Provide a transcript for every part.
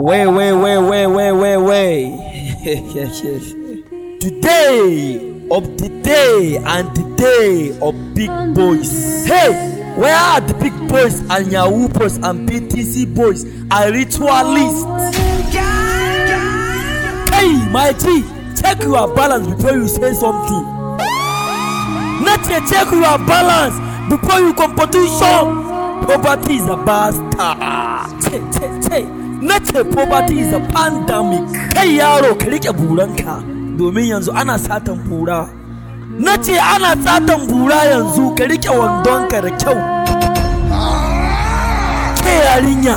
Way, way, way, way, way, way, way. yes, yes. Today of the day and the day of big boys. Hey, where are the big boys and Yahoo boys and BTC boys and ritualists? Hey, my G, check your balance before you say something. Not yet check your balance before you competition. Poverty is a bastard. Check, check, check. na ce poverty is a pandemic kai yaro ka rike buranka domin yanzu ana satan bura na ce ana satan bura yanzu ka rike wandonka da kyau ke yarinya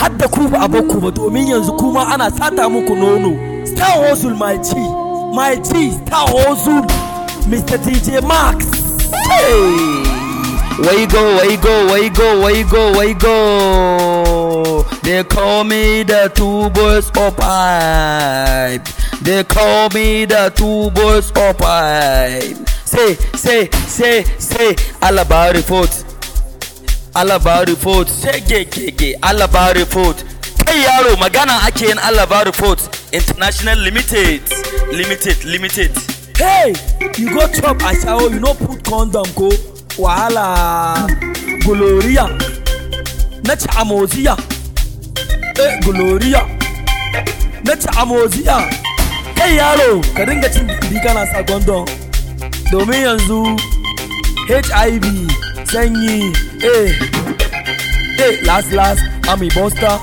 hadda ku ba aboku ba domin yanzu kuma ana sata muku nono star hustle my g my g star hustle mr dj max hey. go, go, go, way go, way go. They call me the two boys of pipe. They call me the two boys of pipe. Say, say, say, say, all about report. All about report. Say, say, say, say. all about report. Hey, yaro, magana I can all about report. International limited, limited, limited. Hey, you go chop ashawo, oh, you no put condom, go. wahala gloria na ci amoziya eh gloria na ci amoziya kai yaro ka dinga cin jikiri kana sa gondon domin yanzu hiv sanyi eh eh last last ami bosta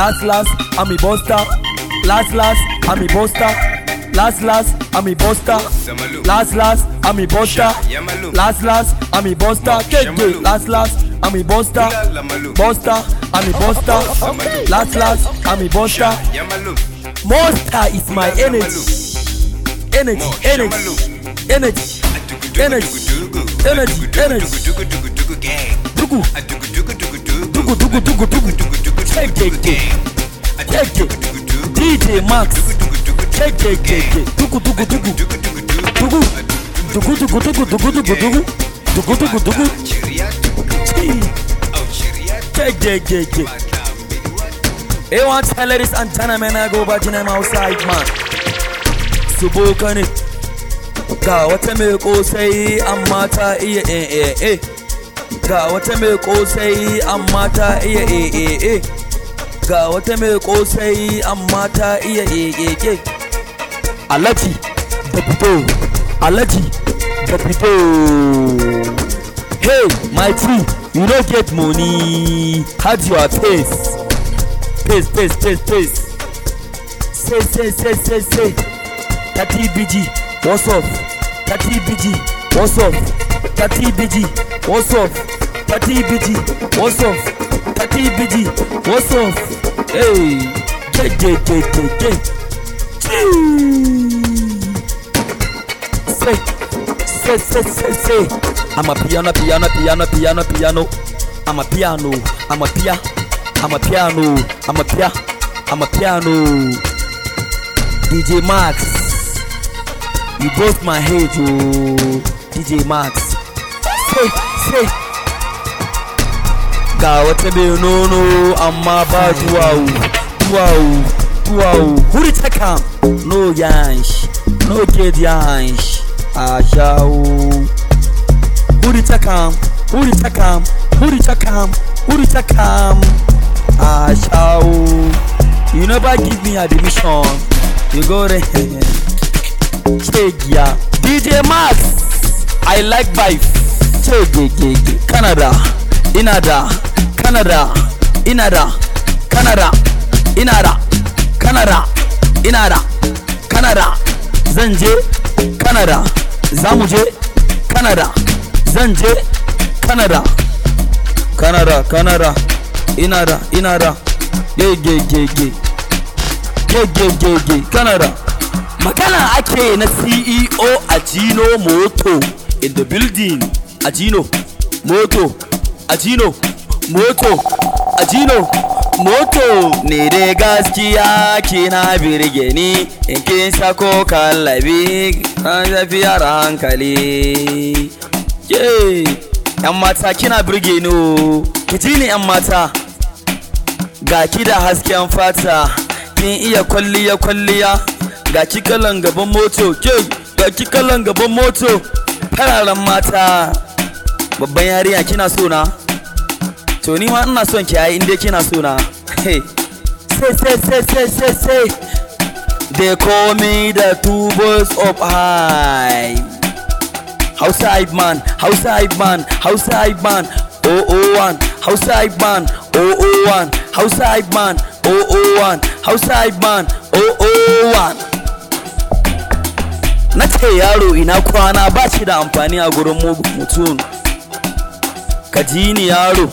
last last ami bosta last last ami bosta Last last, I'm a buster. Last last, I'm a buster. Last last, I'm a buster. Last last, I'm a buster. Buster, I'm a buster. Last last, I'm a buster. Monster is my energy. Energy, energy, energy, energy, energy, energy. Dugu, dugu, dugu, dugu, dugu, dugu. Dugu. Check it, check it. DJ Max. Hey, hey, hey, hey. Dugu, dugu, dugu. Dugu, dugu, dugu. Dugu, dugu, dugu, dugu, dugu, dugu. Dugu, dugu, dugu. Hey, hey, hey, hey. Hey, what's up, ladies and gentlemen? I go back to my outside, man. Subuka ne. Ga wata mai kosai amma ta eh, iya eh, eh eh eh. Ga wata mai kosai amma ta eh, iya eh eh eh. Ga wata mai kosai amma ta iya eh eh eh. alẹ́tì dẹ̀pítò alẹ́tì dẹ̀pítò hey my tree you no get money hide your face face face face face say say say say say thirty bg what's up thirty bg what's up thirty bg what's up thirty bg what's up thirty bg what's up hey jejejejeje. Je, je, je, je. say, say, say, say, say. I'm a piano, piano, piano, piano, piano. I'm a piano, I'm a pia, I'm a piano, I'm a pia, I'm a piano. DJ Max, you broke my head, you DJ Max. Say, say. Ga wata bai nono amma ba duwawu, duwawu, duwawu. Huri ta kam, no yansh, no get yansh. àṣà o. Huritakam, Huritakam, Huritakam, Huritakam, àṣà o. You never give me admission, you go there. Stage ya. DJ Max, I like vibe. Chegegege, Canada, Inada, Canada, Inada, Canada, Inada, Canada, Inada, Canada, Zanje, Canada. Canada. za mu je canada zan je canada canada canada ina da ina da canada magana ake na ceo a jino moto in the building a jino moto a jino moto a jino moto ne dai gaskiya kina birge ni in kin sako kallabi kan tafiyar hankali yan mata kina birge ni o ki ni yan mata ga ki da hasken fata kin iya kwalliya kwalliya ga ki kalan gaban moto ke ga ki kalan gaban moto fararen mata babban yarinya kina sona. to ni ma ina son ki yayi inda kina so na sai sai sai sai sai sai they call me the two boys of high Hausa hype man Hausa hype man Hausa hype man oh oh one Hausa hype man oh oh one Hausa hype man oh oh one Hausa hype man oh oh one na ce yaro ina kwana ba shi da amfani a gurin mutum ka ji ni yaro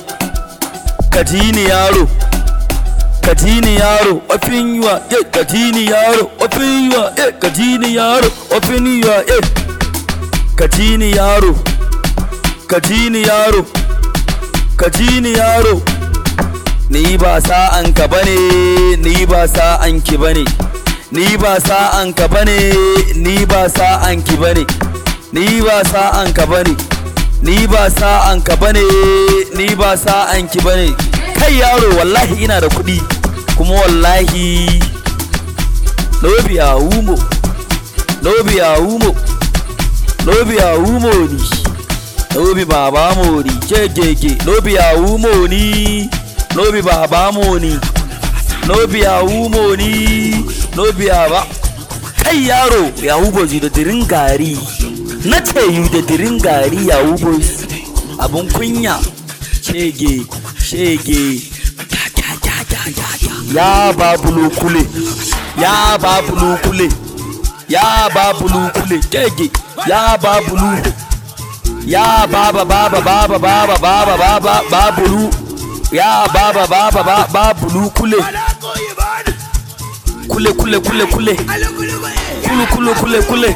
katini yaro katini yaro you yiwa ye eh, katini yaro you yiwa ye eh, katini yaro you yiwa ye eh, katini yaro katini yaro katini yaro ni ba sa'an ka bane ni ba sa'an ki bane ni ba sa'an ka bane ni ba sa'an ki bane ni ba sa'an ka bane ni ba sa'an ka bane ni ba sa'an ki bane kai yaro wallahi ina da kuɗi kuma wallahi nobi humo lobiya humo lobiya humo ni nobi baba mo ni kekeke lobiya humo ni nobi baba mo ni lobiya humo ni lobiya ba kai yaro ya hubo ji da dirin gari na ce you da dirin gari ya boys abun kunya shege shege ya babu kule ya babu kule ya babu kule shege ya babu bulu ya baba baba baba baba baba baba bulu ya baba baba baba babulu kule kule kule kule kule kule kule kule kule kule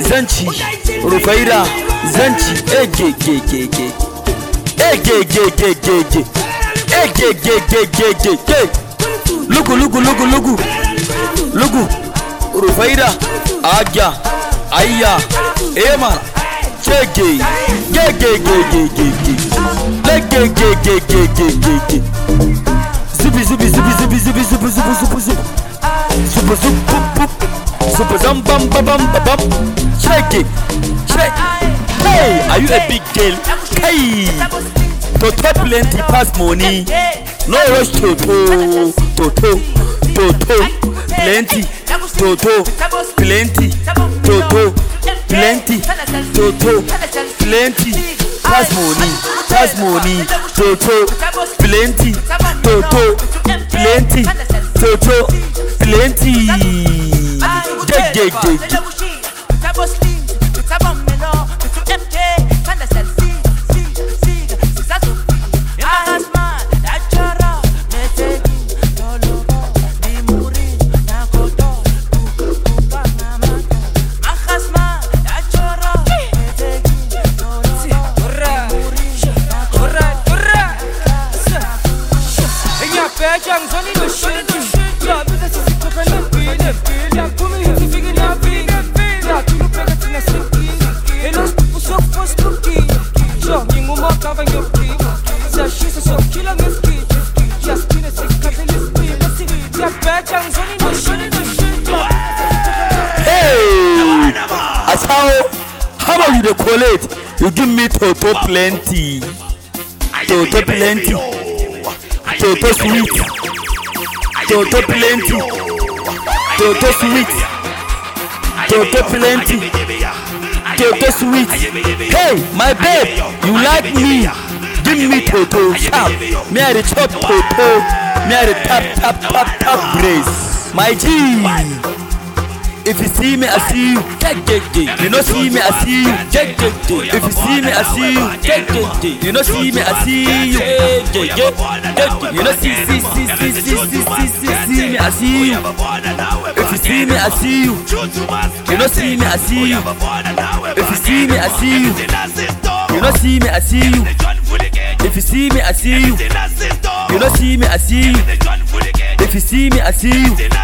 zanci rufaira zanci egegegege egegegegege egegegegege lugu lugu lugu lugu lugu rufaira agya ayya ema gege gegegegegege zubi, zubi zubi zubi zubi zubi zubi zubi zubi zubi zubi zubi zubi Super zum bum bum bum bum bum. Shake it, shake. Hey, are you a big girl? Hey, to top plenty pass money. No rush to to to to to to plenty to to plenty to to plenty to to plenty pass money pass money to to plenty to to plenty to to plenty. dig, dig, dig. Jang Johnny Machine you dey collect you give me toto plenty toto plenty toto sweet toto plenty toto sweet toto plenty toto sweet hey my babe you like me give me toto sharp me i dey chop toto me i dey tap tap tap tap brace my g. If you see me, I see you. Get, get, get. You know see me, I see you. Get, get, get. If you see me, I see you. Get, get, get. You know see me, I see you. Get, get, get. You know see, see, see, see, see, see, see, see, see me, I see you. If you see me, I see you. You know see me, I see you. If you see me, I see you. You know see me, I see you. If you see me, I see you. You know see me, I see you. If you see me, I see you.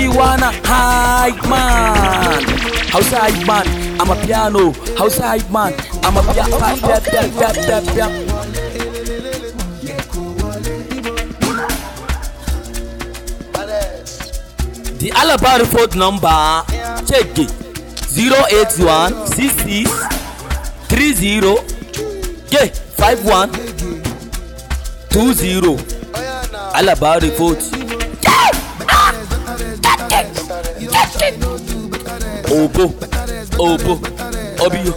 Bwana hype Hausa hype man, I'm a piano, Hausa hype man, I'm a piano, pia pia pia pia The Alaba report number, check it, 081 66 30 yeah, 51 20 Alabama report. Obo, Obo, Obio.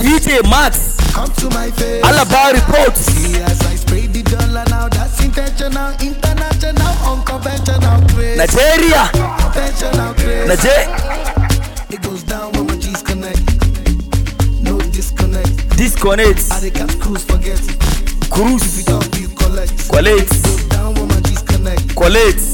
DJ Max. Come to my face. All about reports. Nigeria. Intentional Nigeria. It goes down when my G's connect. No disconnect. Disconnect. I they got cruise forget. Cruise. If you don't, you collect. Collect collate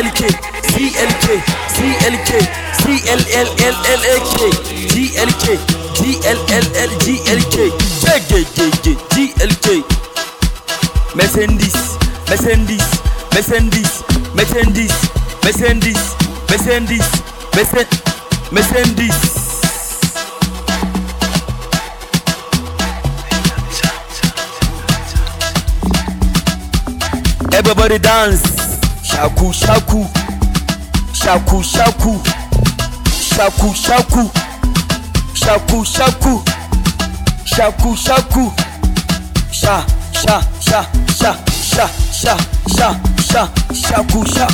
ZLK, ZLK, ZLK, ZLLLLK, GLK, GLLLGLK, GGGG, GLK. Mercedes, Mercedes, Mercedes, Mercedes, Mercedes, Mercedes, Mercedes. Everybody dance shaku shaku shaku shaku shaku shaku shaku shaku shaku shaku sha sha sha sha sha sha sha sha shaku sha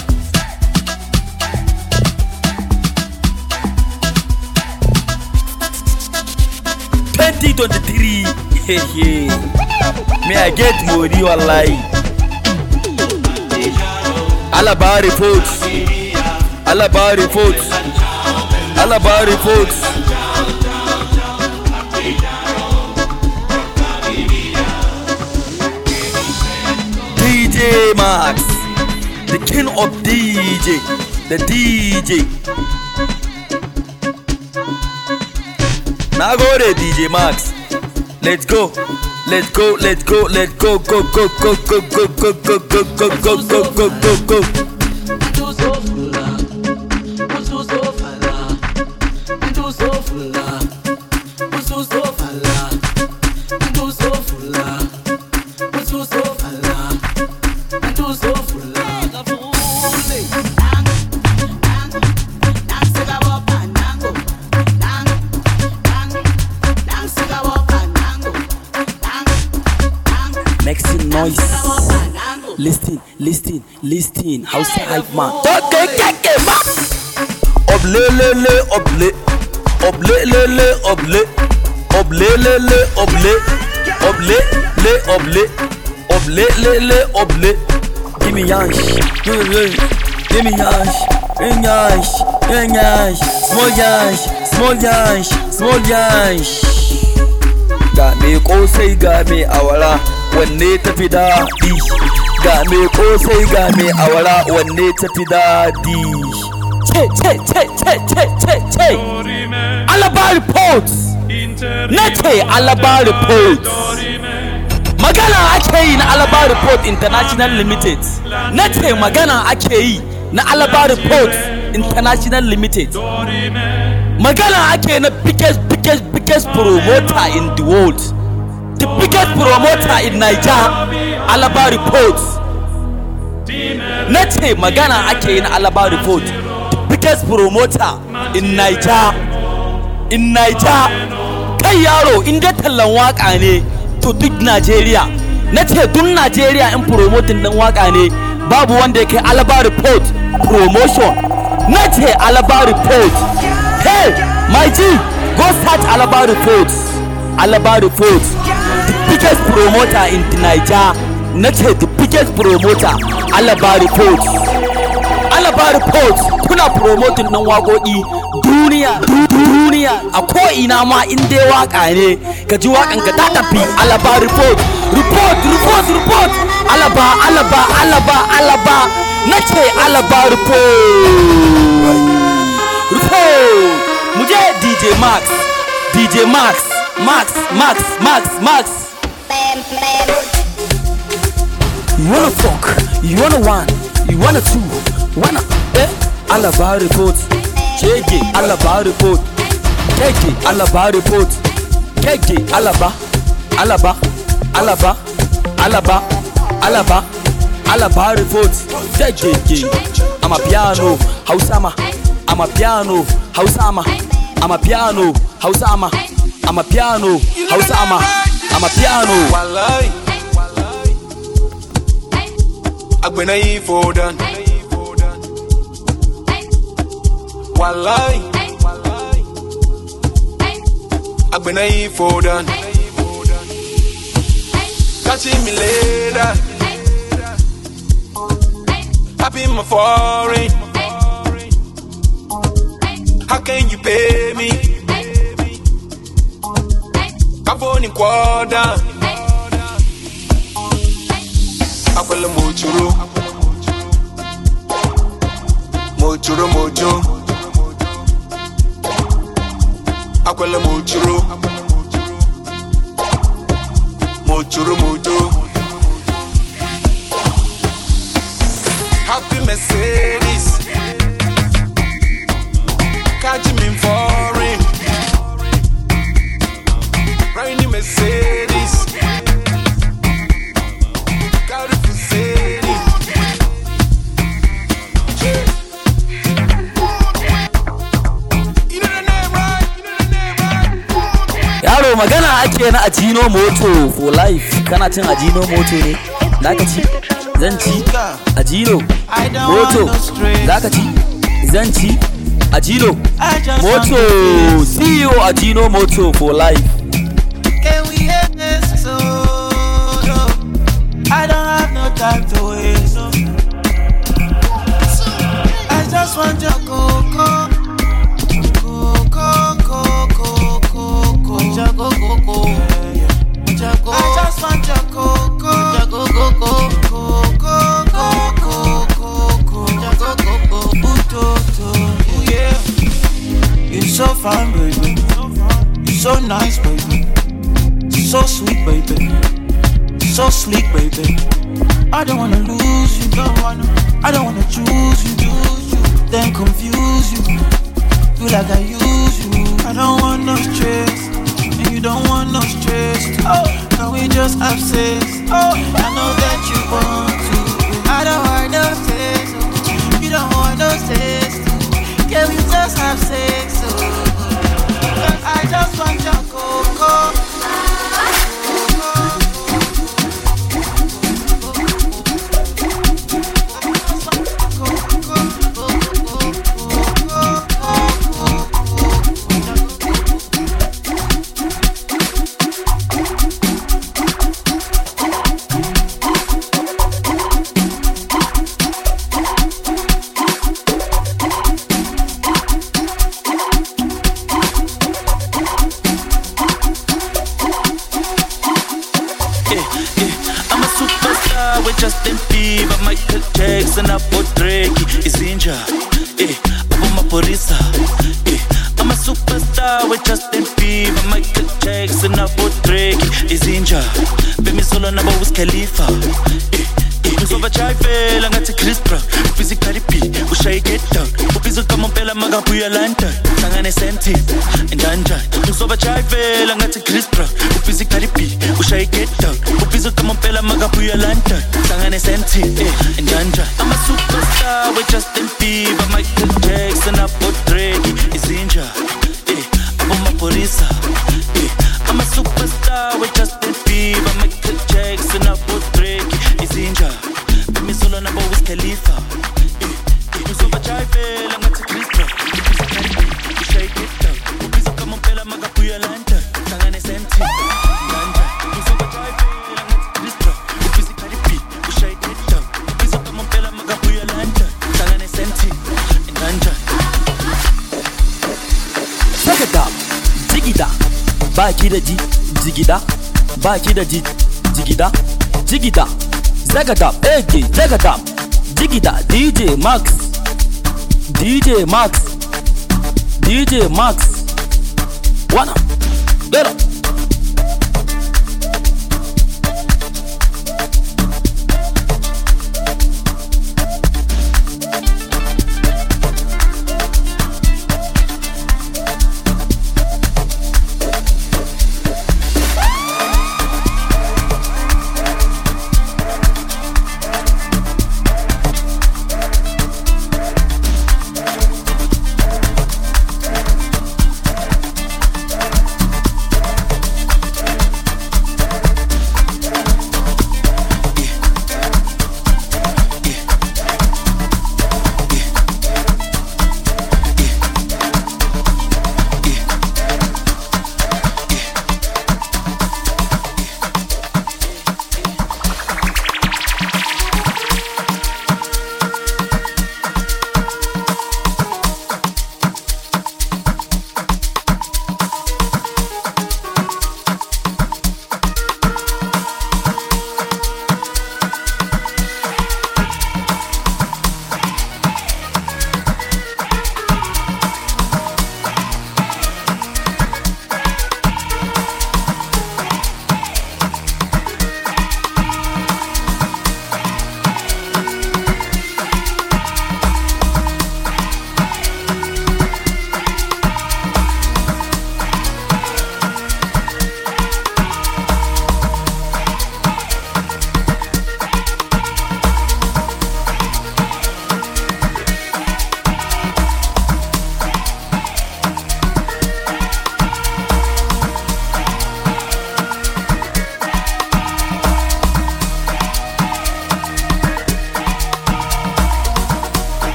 twenty twenty three may i get money online. All about the folks. All about DJ Max, the king of DJ, the DJ. Now go there, DJ Max. Let's go. Let's go, let's go, let's go, go, go, go, go, go, go, go, go, go, go, go, go, go. lis ten hausa hype man. tókè kékè má. ọ̀bùlélélé ọ̀bùlé ọ̀bùlélélé ọ̀bùlé ọ̀bùlélélé ọ̀bùlé ọ̀bùlélé ọ̀bùlé ọ̀bùlélélé ọ̀bùlé. Give me yansh, give me yansh, give me yansh, give me yansh, small yansh, small yansh, small yansh. Ga me kosai ga me awara wanne tafi daɗi. ga me sai ga me awara wanne ta fi daɗi alaba report na ce alaba report magana ake yi na alaba report international limited na ce magana ake yi na alaba report international limited magana ake na biggest biggest biggest promoter in the world promoter in Niger Alaba report na ce magana ake yi na Alaba report the biggest promoter in Niger in Niger kai yaro in dai tallan waka ne to duk nigeria na ce duk nigeria in promoting dan waka ne babu wanda ya kai Alaba report promotion na ce Alaba report hey my G go start Alaba report Alaba report biggest promoter in Niger na ce the biggest promoter Alaba Report Alaba Report kuna promoting nan waƙoƙi duniya duniya a ko'ina ma in dai waka ne ka ji waƙan ka ta tafi Alaba Report report report report Alaba Alaba Alaba Alaba na ce Alaba Report Report mu je DJ Max DJ Max Max, Max, Max, Max. You wanna fuck, you wanna one, you wanna two, wanna eh? All about report, check all about report, check all about report, check all about, all about, all about, all about, all about, all about report, check it. I'm a piano, Hausama, I'm a piano, Hausama, I'm a piano, Hausama, I'm a piano, Hausama. I'm a amapiano wallahi agbena ifo dan wallahi agbena ifo dan catch me later happy my foreign how can you pay me kapo ni kwada akwela mochuru mochuru mojo akwela mochuru mochuru ajino moto for life kana cin ajino moto ne zaka ci zan ci ajino moto zaka ci zan ci ajino moto ceo ajino moto for life time to waste. I just want your cool. so fine, baby. so nice, baby. so sweet, baby. so sleek, baby. I don't wanna lose you, don't wanna. I don't wanna choose you, lose you, then confuse you. Feel like I use you. I don't want no stress, and you don't want no stress. Too. Oh, now we just have sex. Oh, I know that you want to. I don't want no stress. You don't want no stress. Too. we just have sex, oh. I just want your cocoa. bajive la ngathi chris bra physicality ushaye get down ubizo kama mpela makabuya london hlangane senti endanjani uzobajive la ngathi chris bra physicality ushaye get down ubizo kama mpela makabuya london hlangane senti endanjani i'm a superstar with justin bieber michael jackson abo drake izinja eh abomapholisa baki da jigida baki da jigida jigida zagada ege zagada jigida dj max dj max dj max w a n a get u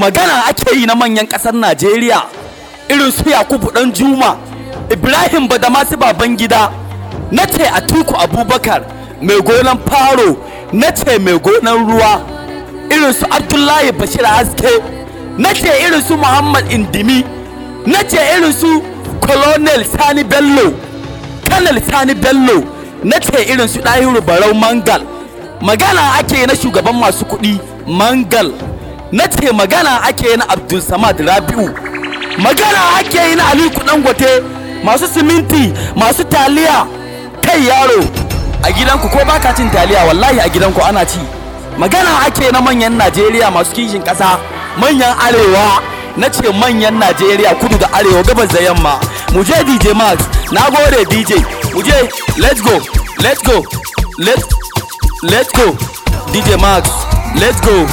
magana ake yi na manyan ƙasar najeriya irin su yakubu dan juma ibrahim badamasi baban gida na ce atiku abubakar mai gonan faro na ce mai gonan ruwa irin su abdullahi bashir haske na ce irin su muhammad indimi na ce irin su colonel sani bello kanal sani bello na ce irin su ɗahiru barau mangal magana ake na shugaban masu kuɗi mangal Nace magana ake yi na abdul samad rabi'u magana ake yi na aliku dangote masu siminti masu taliya kai yaro a gidanku ko baka cin taliya wallahi a gidanku ana ci magana ake na manyan najeriya masu kishin ƙasa manyan arewa Nace ce manyan najeriya kudu da arewa gabas da yamma mu je dj max na gode dj mu je let's go let's go let's, let's go dj max let's go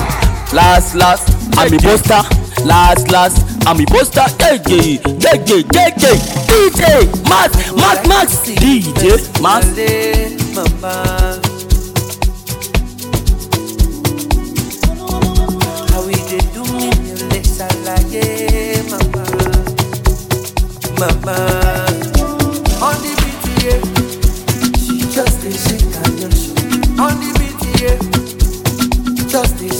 last last i'm a poster last last i'm a poster jeje jeje jeje dj max max max dj max. Mama, on the BTA, she just a shake and On the BTA, just a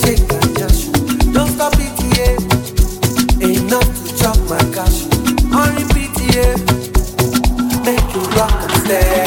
enough to chop my cash. R.E.P.T.A. Make you rock and stay.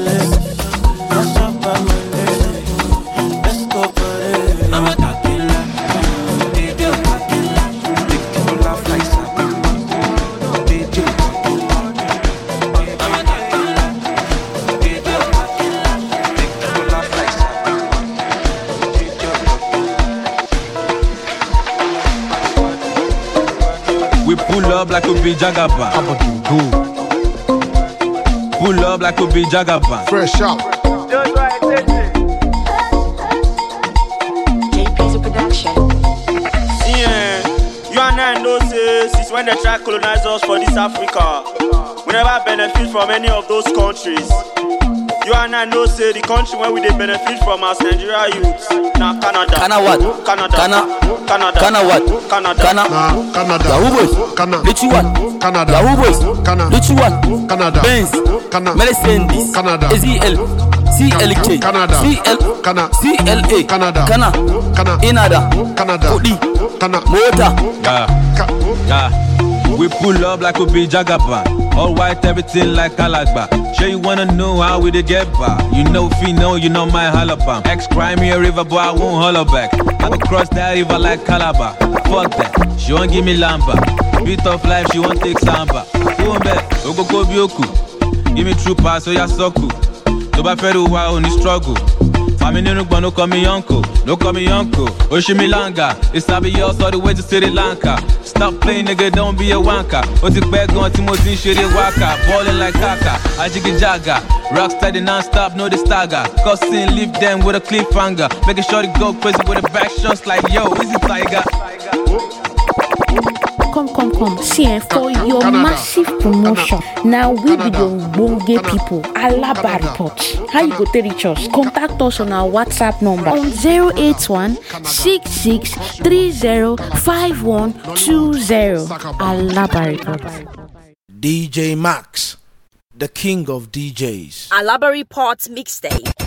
Kobe Jagaba. I'm a do Pull up like we Kobe Jagaba. Fresh out. JP's a production. Yeah, you and I know this It's when they try colonize us for this Africa. We never benefit from any of those countries. You and I know say the country where we they benefit from our Nigeria youths. Now Canada. Canada what? Canada. Canada. Canada. Canada what? Canada. Canada. Canada. Yahoo boys. Canada. Litchi what? Canada. Yahoo boys. Canada. Litchi what? Canada. Benz. Canada. Mercedes. Canada. Ezel. CLK Canada CL Cana CLA Canada Cana Cana Inada Canada Kudi Cana Mota Yeah Yeah we pull up like we be Jagaban. All white, everything like Alagba. Sure you wanna know how we dey get by? You know Fino, you know my halabam. Ex cry me a river, but I won't holler back. I go cross that river like Calabar. Fuck that, she won't give me lamba. Beat of life, she won't take samba. Kumbe, ogogo bioku. Give me true pass, so oh, ya soku. To ba feru wa only struggle. Family Nunugba, no call me uncle, no call me uncle. Oshimilanga, it's Abios all the way to Sri Lanka. Stop playing, nigga, don't be a wanker. Otikbeg on Timothy Shiri Waka, ballin' like Kaka, Ajiki Jaga. Rocksteady non-stop, no the stagger. Cussing, leave them with a cliffhanger. Making sure to go crazy with a back shots like, yo, is it Tiger? come see for your massive promotion now we be the ogbonge pipo alaba report how you go take reach us contact us on our whatsapp number on 081 66 5120 alaba report. DJ Max, the king of DJs. Alaba report mixtape.